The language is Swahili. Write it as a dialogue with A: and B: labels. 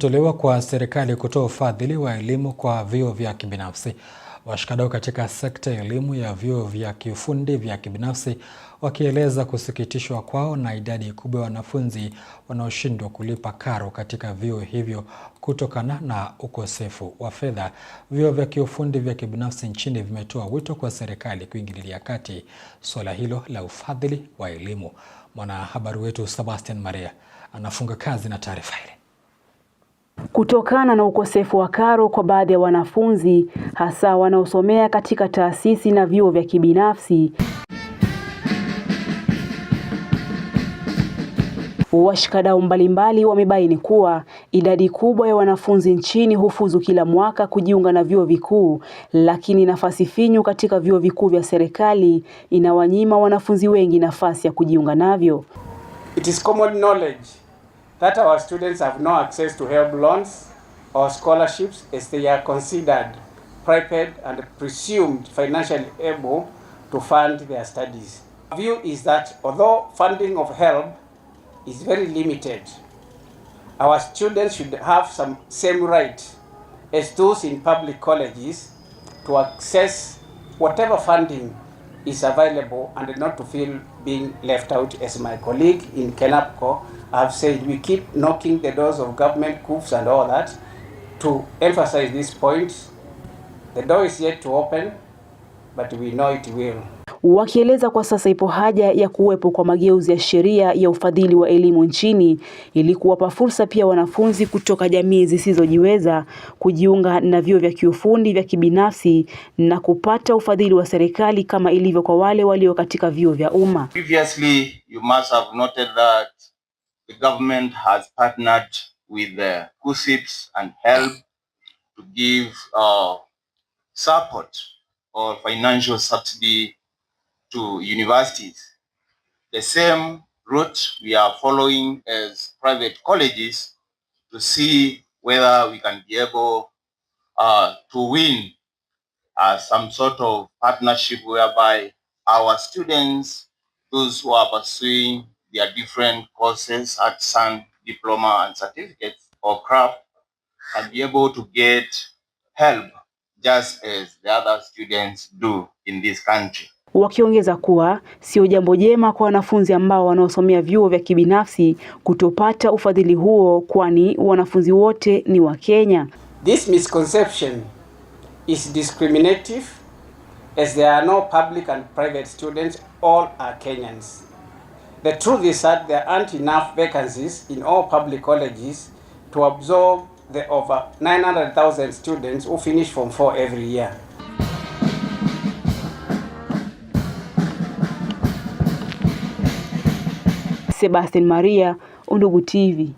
A: Tolewa kwa serikali kutoa ufadhili wa elimu kwa vyuo vya kibinafsi. Washikadau katika sekta ya elimu ya vyuo vya kiufundi vya kibinafsi wakieleza kusikitishwa kwao na idadi kubwa ya wanafunzi wanaoshindwa kulipa karo katika vyuo hivyo kutokana na ukosefu wa fedha. Vyuo vya kiufundi vya kibinafsi nchini vimetoa wito kwa serikali kuingilia kati suala hilo la ufadhili wa elimu. Mwanahabari wetu Sebastian Maria anafunga kazi na taarifa hili
B: kutokana na ukosefu wa karo kwa baadhi ya wanafunzi hasa wanaosomea katika taasisi na vyuo vya kibinafsi. Washikadau mbalimbali wamebaini kuwa idadi kubwa ya wanafunzi nchini hufuzu kila mwaka kujiunga na vyuo vikuu, lakini nafasi finyu katika vyuo vikuu vya serikali inawanyima wanafunzi wengi nafasi ya kujiunga navyo.
C: It is common knowledge that our students have no access to help loans or scholarships as they are considered prepared and presumed financially able to fund their studies. Our view is that although funding of help is very limited, our students should have some same right as those in public colleges to access whatever funding is available and not to feel being left out as my colleague in KENAPCO have said we keep knocking the doors of government coups and all that to emphasize this point the door is yet to open but we know it will.
B: Wakieleza kwa sasa ipo haja ya kuwepo kwa mageuzi ya sheria ya ufadhili wa elimu nchini ili kuwapa fursa pia wanafunzi kutoka jamii zisizojiweza kujiunga na vyuo vya kiufundi vya kibinafsi na kupata ufadhili wa serikali kama ilivyo kwa wale walio katika vyuo vya umma.
D: Previously, you must have noted that the government has partnered with the KUSIPs and HELB to give uh, support or financial subsidy to universities. The same route we are following as private colleges to see whether we can be able uh, to win uh, some sort of partnership whereby our students, those who are pursuing their different courses at SUN diploma and certificates or craft, can be able to get help just as the other students do in this country.
B: Wakiongeza kuwa sio jambo jema kwa wanafunzi ambao wanaosomea vyuo vya kibinafsi kutopata ufadhili huo kwani wanafunzi wote ni wa Kenya.
C: This misconception is discriminative as there are no public and private students, all are Kenyans. The truth is that there aren't enough vacancies in all public colleges to absorb the over 900,000 students who finish form 4 every year.
B: Sebastian Maria, Undugu TV.